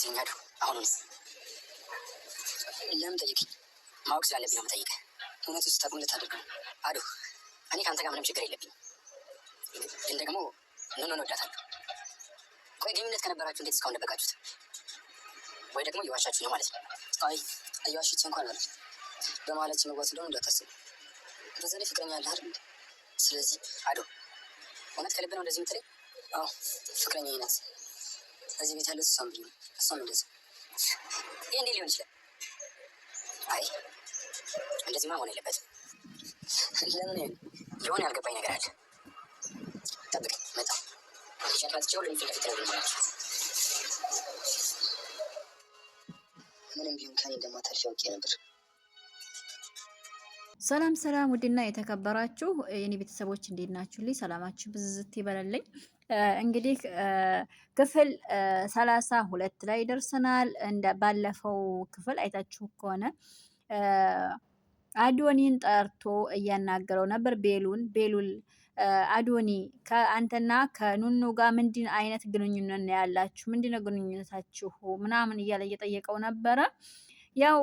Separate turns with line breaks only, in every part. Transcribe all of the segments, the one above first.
ሲኛዱ አሁንም ለምን ጠይቅኝ? ማወቅ ስላለብኝ ነው መጠይቀ እውነት ውስጥ ጠቅሙ ልታደርግ ነው አዱ። እኔ ከአንተ ጋር ምንም ችግር የለብኝ፣ ግን ደግሞ ኖኖ እንወዳታለን። ቆይ ግንኙነት ከነበራችሁ እንዴት እስካሁን ደበቃችሁት? ወይ ደግሞ እየዋሻችሁ ነው ማለት ነው? አይ እየዋሽቼ እንኳን አለ በማለች መጓት እንደሆነ እንዳታስቡ። በዛ ላይ ፍቅረኛ አለ አይደል? ስለዚህ አዱ እውነት ከልብ ነው እንደዚህ ምትለኝ? አዎ ፍቅረኛ ይናት ከዚህ ቤት ያለ ምንድን ነው? ቢሆን ምንድን ነው? ይህ እንዴ ሊሆን ይችላል? አይ እንደዚህማ መሆን የለበትም። ለምን የሆነ ያልገባኝ ነገር አለ። ጠብቅ መጣ ሸፋትቸው ለሚፈለፊት ነው
ምንም ቢሆን ከኔ እንደማታልሽ አውቄ ነበር። ሰላም ሰላም፣ ውድና የተከበራችሁ የኔ ቤተሰቦች እንዴት ናችሁልኝ? ሰላማችሁ ብዝት ይበለልኝ። እንግዲህ ክፍል ሰላሳ ሁለት ላይ ደርሰናል። ባለፈው ክፍል አይታችሁ ከሆነ አዶኒን ጠርቶ እያናገረው ነበር ቤሉን ቤሉል አዶኒ ከአንተና ከኑኑ ጋር ምንድን አይነት ግንኙነት ነው ያላችሁ? ምንድን ነው ግንኙነታችሁ? ምናምን እያለ እየጠየቀው ነበረ። ያው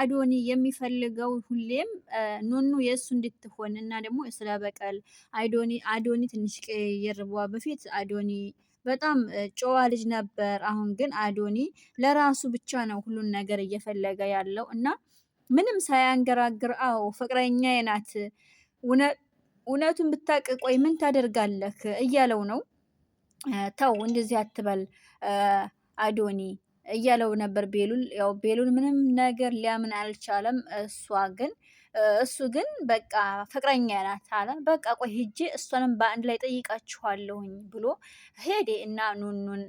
አዶኒ የሚፈልገው ሁሌም ኑኑ የእሱ እንድትሆን እና ደግሞ ስለ በቀል አዶኒ ትንሽ የርቧ በፊት አዶኒ በጣም ጨዋ ልጅ ነበር። አሁን ግን አዶኒ ለራሱ ብቻ ነው ሁሉን ነገር እየፈለገ ያለው እና ምንም ሳያንገራግር አዎ ፍቅረኛ ናት እውነቱን ብታቅ ቆይ ምን ታደርጋለህ እያለው ነው። ተው እንደዚህ አትበል አዶኒ እያለው ነበር ቤሉል። ያው ቤሉል ምንም ነገር ሊያምን አልቻለም። እሷ ግን እሱ ግን በቃ ፍቅረኛ ናት አለ። በቃ ቆይ ሂጄ እሷንም በአንድ ላይ ጠይቃችኋለሁኝ ብሎ ሄዴ እና ኑኑን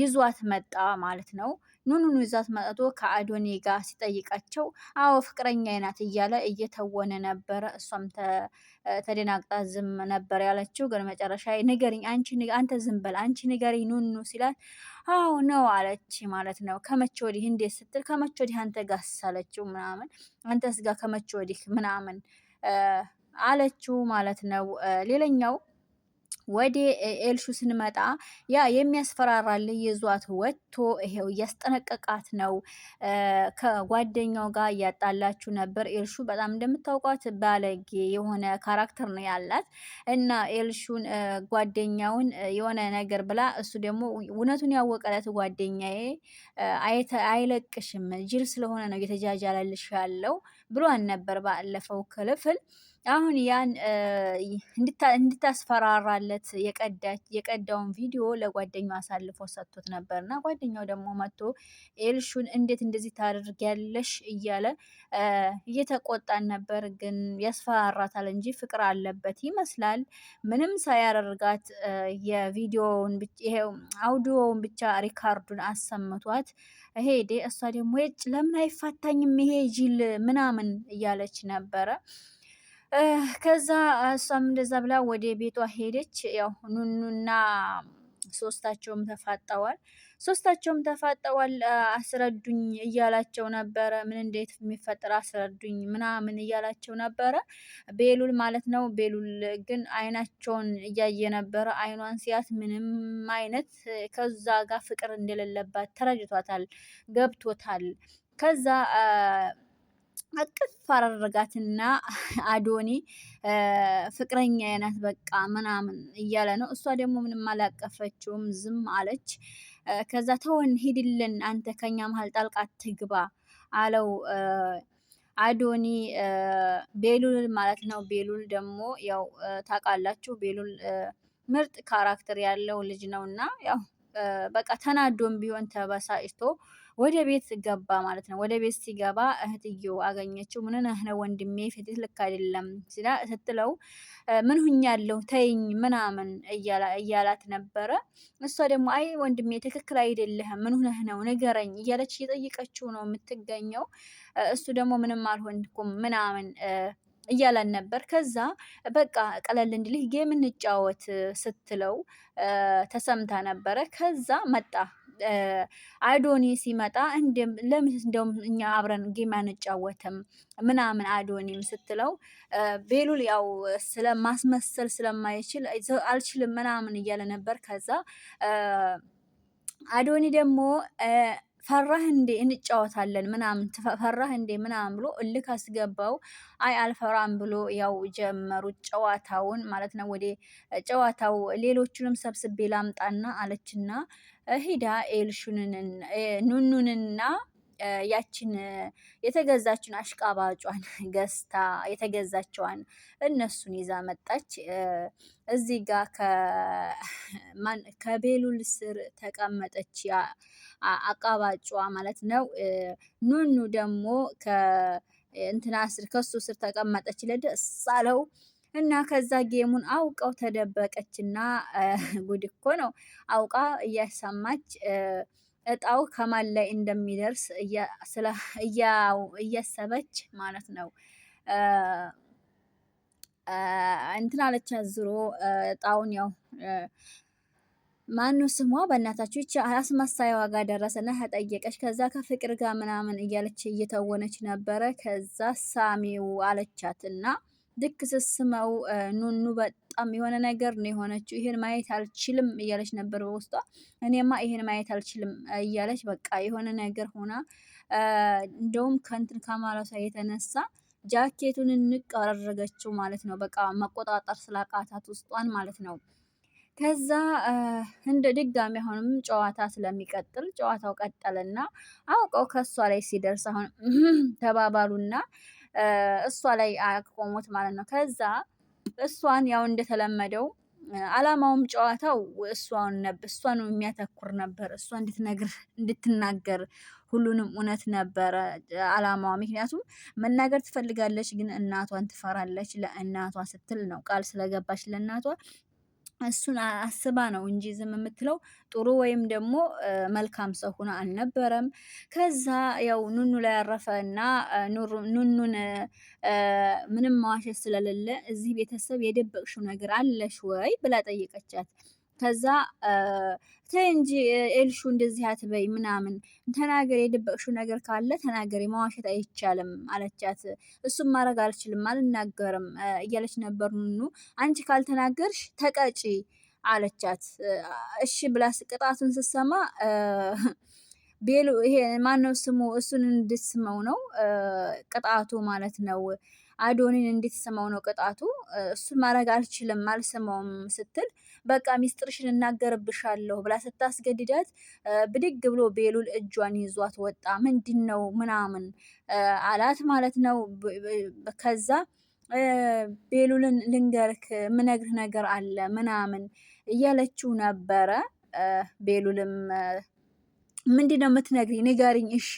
ይዟት መጣ ማለት ነው። ኑኑን ይዟት መጣቶ ከአዶኒ ጋር ሲጠይቃቸው አዎ ፍቅረኛ ናት እያለ እየተወነ ነበረ። እሷም ተደናግጣ ዝም ነበር ያለችው። ግን መጨረሻ ንገሪኝ አንቺ አንተ ዝም በል አንቺ ንገሪኝ ኑኑ ሲላት አው ነው አለች ማለት ነው። ከመቼ ወዲህ እንዴት ስትል ከመቼ ወዲህ አንተ ጋስ አለችው ምናምን አንተስ ጋር ከመቼ ወዲህ ምናምን አለችው ማለት ነው። ሌላኛው ወደ ኤልሹ ስንመጣ ያ የሚያስፈራራልህ ይዟት ወጥቶ ይሄው እያስጠነቀቃት ነው። ከጓደኛው ጋር እያጣላችሁ ነበር። ኤልሹ በጣም እንደምታውቋት ባለጌ የሆነ ካራክተር ነው ያላት እና ኤልሹን ጓደኛውን የሆነ ነገር ብላ እሱ ደግሞ እውነቱን ያወቀለት ጓደኛዬ አይለቅሽም፣ ጅል ስለሆነ ነው እየተጃጃለልሽ ያለው ብሏን ነበር ባለፈው ክፍል። አሁን ያን እንድታስፈራራለት የቀዳውን ቪዲዮ ለጓደኛው አሳልፎ ሰጥቶት ነበር እና ጓደኛው ደግሞ መጥቶ ኤልሹን እንዴት እንደዚህ ታደርጊያለሽ እያለ እየተቆጣን ነበር። ግን ያስፈራራታል እንጂ ፍቅር አለበት ይመስላል። ምንም ሳያደርጋት የቪዲዮውን አውዲዮውን ብቻ ሪካርዱን አሰምቷት ሄዴ። እሷ ደግሞ የጭ ለምን አይፋታኝም ይሄ ጅል ምናምን እያለች ነበረ። ከዛ እሷም እንደዛ ብላ ወደ ቤቷ ሄደች። ያው ኑኑና ሶስታቸውም ተፋጠዋል። ሶስታቸውም ተፋጠዋል። አስረዱኝ እያላቸው ነበረ። ምን እንዴት የሚፈጠር አስረዱኝ ምናምን እያላቸው ነበረ። ቤሉል ማለት ነው። ቤሉል ግን አይናቸውን እያየ ነበረ። አይኗን ሲያት ምንም አይነት ከዛ ጋር ፍቅር እንደሌለባት ተረድቷታል፣ ገብቶታል። ከዛ አቅፍ አደረጋትና አዶኒ ፍቅረኛ አይነት በቃ ምናምን እያለ ነው። እሷ ደግሞ ምንም አላቀፈችውም፣ ዝም አለች። ከዛ ተወን ሂድልን፣ አንተ ከኛ መሀል ጣልቃ ትግባ አለው አዶኒ ቤሉል ማለት ነው። ቤሉል ደግሞ ያው ታውቃላችሁ፣ ቤሉል ምርጥ ካራክተር ያለው ልጅ ነው እና ያው በቃ ተናዶም ቢሆን ተበሳጭቶ ወደ ቤት ገባ ማለት ነው። ወደ ቤት ሲገባ እህትየው አገኘችው። ምን ነህ ነው ወንድሜ ፊትህ ልክ አይደለም ሲላ ስትለው ምን ሁኛለሁ ተይኝ ምናምን እያላት ነበረ። እሷ ደግሞ አይ ወንድሜ ትክክል አይደለህም ምን ሁነህ ነው ንገረኝ እያለች እየጠየቀችው ነው የምትገኘው። እሱ ደግሞ ምንም አልሆንኩም ምናምን እያለን ነበር። ከዛ በቃ ቀለል እንዲልህ ጌም እንጫወት ስትለው ተሰምታ ነበረ። ከዛ መጣ አዶኒ ሲመጣ ለምን እንደውም እኛ አብረን ጌም አንጫወትም ምናምን አዶኒም ስትለው ቤሉል ያው ስለማስመሰል ስለማይችል አልችልም ምናምን እያለ ነበር። ከዛ አዶኒ ደግሞ ፈራህ እንዴ እንጫወታለን ምናምን ፈራህ እንዴ ምናምን ብሎ እልክ አስገባው። አይ አልፈራም ብሎ ያው ጀመሩት ጨዋታውን ማለት ነው። ወደ ጨዋታው ሌሎቹንም ሰብስቤ ላምጣና አለችና ሂዳ ኤልሹንን ኑኑንና ያችን የተገዛችን አሽቃባጯን ገዝታ የተገዛቸዋን እነሱን ይዛ መጣች። እዚህ ጋር ከቤሉል ስር ተቀመጠች አቃባጯ ማለት ነው። ኑኑ ደግሞ እንትና ስር ከሱ ስር ተቀመጠች። ለደስ አለው እና ከዛ ጌሙን አውቀው ተደበቀችና ጉድ እኮ ነው አውቃ እያሰማች እጣው ከማን ላይ እንደሚደርስ እያሰበች ማለት ነው። እንትን አለች ዞሮ እጣውን ያው ማኑ ስሟ በእናታችሁ ይቺ አስመሳይ ዋጋ ደረሰና ተጠየቀች። ከዛ ከፍቅር ጋር ምናምን እያለች እየተወነች ነበረ። ከዛ ሳሚው አለቻት እና ልክ ስስመው ኑኑ በጣም የሆነ ነገር ነው የሆነችው። ይሄን ማየት አልችልም እያለች ነበር በውስጧ። እኔማ ይሄን ማየት አልችልም እያለች በቃ የሆነ ነገር ሆና እንደውም ከንትን ከማለቷ የተነሳ ጃኬቱን እንቅ አደረገችው ማለት ነው። በቃ መቆጣጠር ስላቃታት ውስጧን ማለት ነው። ከዛ እንደ ድጋሚ አሁንም ጨዋታ ስለሚቀጥል ጨዋታው ቀጠለና አውቀው ከሷ ላይ ሲደርስ አሁን ተባባሉና እሷ ላይ አቆሞት ማለት ነው። ከዛ እሷን ያው እንደተለመደው አላማውም ጨዋታው እሷን እሷን የሚያተኩር ነበር። እሷ እንድትነግር እንድትናገር ሁሉንም እውነት ነበረ አላማዋ። ምክንያቱም መናገር ትፈልጋለች፣ ግን እናቷን ትፈራለች። ለእናቷ ስትል ነው ቃል ስለገባች ለእናቷ እሱን አስባ ነው እንጂ ዝም የምትለው ጥሩ ወይም ደግሞ መልካም ሰው ሆኖ አልነበረም። ከዛ ያው ኑኑ ላይ ያረፈ እና ኑኑን ምንም መዋሸት ስለሌለ እዚህ ቤተሰብ የደበቅሽው ነገር አለሽ ወይ ብላ ጠየቀቻት። ከዛ ተይ እንጂ ኤልሹ እንደዚህ አትበይ ምናምን ተናገሪ፣ የደበቅሽው ነገር ካለ ተናገሪ፣ መዋሸት አይቻልም አለቻት። እሱም ማድረግ አልችልም አልናገርም እያለች ነበር። ኑኑ አንቺ ካልተናገርሽ ተቀጪ አለቻት። እሺ ብላስቅጣቱን ቅጣቱን ስትሰማ ቤሉ ይሄ ማነው ስሙ? እሱን እንድትስመው ነው ቅጣቱ ማለት ነው። አዶኒን እንድትስመው ነው ቅጣቱ። እሱን ማድረግ አልችልም አልስመውም ስትል በቃ ሚስጥርሽን እናገርብሻለሁ ብላ ስታስገድዳት ብድግ ብሎ ቤሉል እጇን ይዟት ወጣ። ምንድን ነው ምናምን አላት ማለት ነው። ከዛ ቤሉልን ልንገርክ ምነግርህ ነገር አለ ምናምን እያለችው ነበረ ቤሉልም ምንድን ነው የምትነግሪኝ? ንገሪኝ። እሺ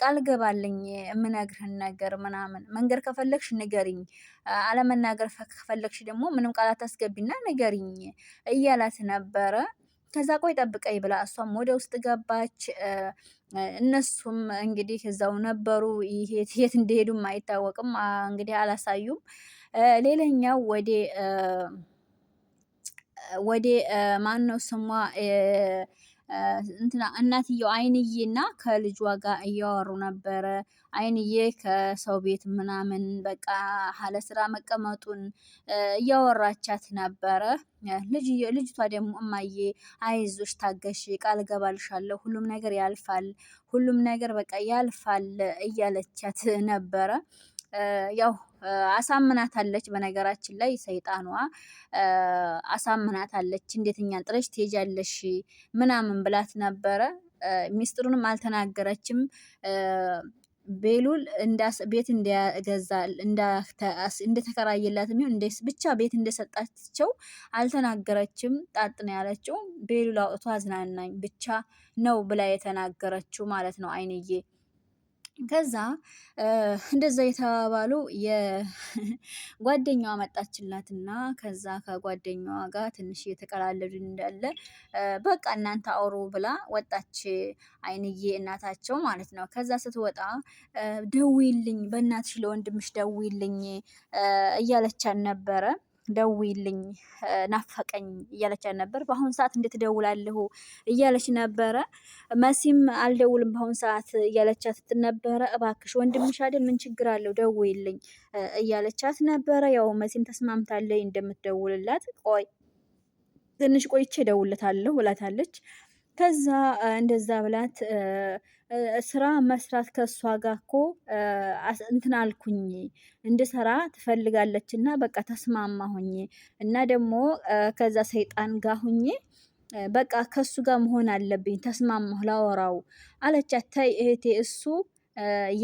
ቃል ገባልኝ የምነግርህን ነገር ምናምን መንገር ከፈለግሽ ንገሪኝ፣ አለመናገር ከፈለግሽ ደግሞ ምንም ቃላት አስገቢና ንገሪኝ እያላት ነበረ። ከዛ ቆይ ጠብቀኝ ብላ እሷም ወደ ውስጥ ገባች። እነሱም እንግዲህ እዛው ነበሩ። የት እንደሄዱም አይታወቅም እንግዲህ አላሳዩም። ሌላኛው ወደ ወደ ማነው ስሟ እንትና እናትየው አይንዬና ከልጇ ጋር እያወሩ ነበረ። አይንዬ ከሰው ቤት ምናምን በቃ ሀለ ስራ መቀመጡን እያወራቻት ነበረ። ልጅቷ ደግሞ እማዬ አይዞሽ፣ ታገሽ፣ ቃል ገባልሻለሁ፣ ሁሉም ነገር ያልፋል፣ ሁሉም ነገር በቃ ያልፋል እያለቻት ነበረ። ያው አሳምናታለች። በነገራችን ላይ ሰይጣኗ አሳምናታለች። እንዴት እኛን ጥለሽ ትሄጃለሽ ምናምን ብላት ነበረ። ሚስጥሩንም አልተናገረችም። ቤሉል ቤት እንደገዛ እንደተከራየላት የሚሆን ብቻ ቤት እንደሰጣቸው አልተናገረችም። ጣጥ ነው ያለችው። ቤሉል አውጥቶ አዝናናኝ ብቻ ነው ብላ የተናገረችው ማለት ነው አይንዬ ከዛ እንደዛ የተባባሉ የጓደኛዋ መጣችላትና ከዛ ከጓደኛዋ ጋር ትንሽ እየተቀላለዱ እንዳለ በቃ እናንተ አውሩ ብላ ወጣች። አይንዬ እናታቸው ማለት ነው። ከዛ ስትወጣ ደዊልኝ፣ በእናትሽ ለወንድምሽ ደዊልኝ እያለቻን ነበረ። ደዊልኝ ናፈቀኝ እያለች ነበር። በአሁኑ ሰዓት እንዴት ደውላለሁ እያለች ነበረ። መሲም አልደውልም በአሁኑ ሰዓት እያለቻት ነበረ። እባክሽ ወንድምሽ አይደል ምን ችግር አለው ደዊልኝ እያለቻት ነበረ። ያው መሲም ተስማምታለች እንደምትደውልላት። ቆይ ትንሽ ቆይቼ እደውልለታለሁ ብላታለች። ከዛ እንደዛ ብላት ስራ መስራት ከእሷ ጋር እኮ እንትን አልኩኝ እንድሰራ ትፈልጋለች እና በቃ ተስማማሁኝ እና ደግሞ ከዛ ሰይጣን ጋር ሁኜ በቃ ከእሱ ጋር መሆን አለብኝ ተስማማሁ ላወራው አለቻት። ተይ እህቴ እሱ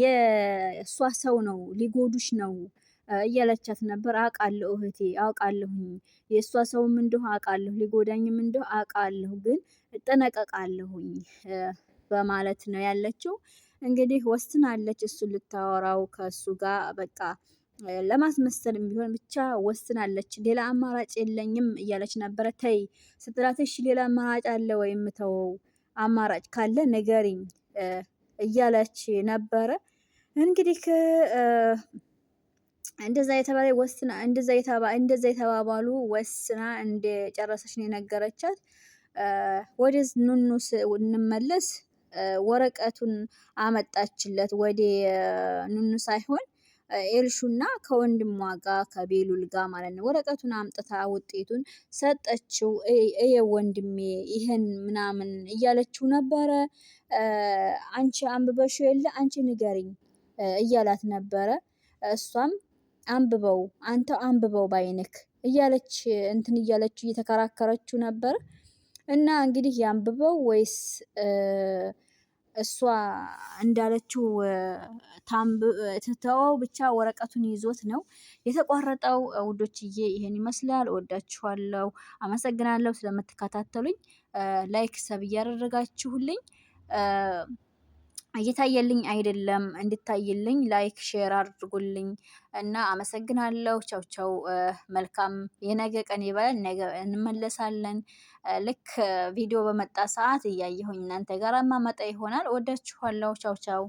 የእሷ ሰው ነው ሊጎዱሽ ነው እያለቻት ነበር። አውቃለሁ እህቴ አውቃለሁኝ፣ የእሷ ሰውም እንደሁ አውቃለሁ፣ ሊጎዳኝም እንደሁ አውቃለሁ፣ ግን እጠነቀቃለሁኝ በማለት ነው ያለችው። እንግዲህ ወስናለች፣ እሱን ልታወራው ከእሱ ጋር በቃ ለማስመሰልም ቢሆን ብቻ ወስናለች። ሌላ አማራጭ የለኝም እያለች ነበረ። ተይ ስትራቴሽ ሌላ አማራጭ አለ ወይም የምተወው አማራጭ ካለ ንገሪኝ እያለች ነበረ እንግዲህ እንደዛ የተባለ ወስና እንደዛ የተባ እንደዛ የተባባሉ ወስና እንደ እንደጨረሰች ነው የነገረቻት። ወደ ኑኑ እንመለስ። ወረቀቱን አመጣችለት ወደ ኑኑ ሳይሆን ኤልሹና ከወንድሟ ጋር ከቤሉል ጋር ማለት ነው። ወረቀቱን አምጥታ ውጤቱን ሰጠችው። እየ ወንድሜ ይህን ምናምን እያለችው ነበረ። አንቺ አንብበሽው የለ አንቺ ንገሪኝ እያላት ነበረ እሷም አንብበው አንተ አንብበው ባይንክ እያለች እንትን እያለች እየተከራከረችው ነበር። እና እንግዲህ ያንብበው ወይስ እሷ እንዳለችው ትተወው ብቻ ወረቀቱን ይዞት ነው የተቋረጠው። ውዶችዬ ይሄን ይመስላል። እወዳችኋለሁ። አመሰግናለሁ ስለምትከታተሉኝ። ላይክ ሰብ እያደረጋችሁልኝ እየታየልኝ አይደለም። እንድታይልኝ ላይክ ሼር አድርጉልኝ እና አመሰግናለሁ። ቻው ቻው። መልካም የነገ ቀን ይበላል። ነገ እንመለሳለን። ልክ ቪዲዮ በመጣ ሰዓት እያየሁኝ እናንተ ጋር ማመጣ ይሆናል። ወዳችኋለሁ። ቻው ቻው።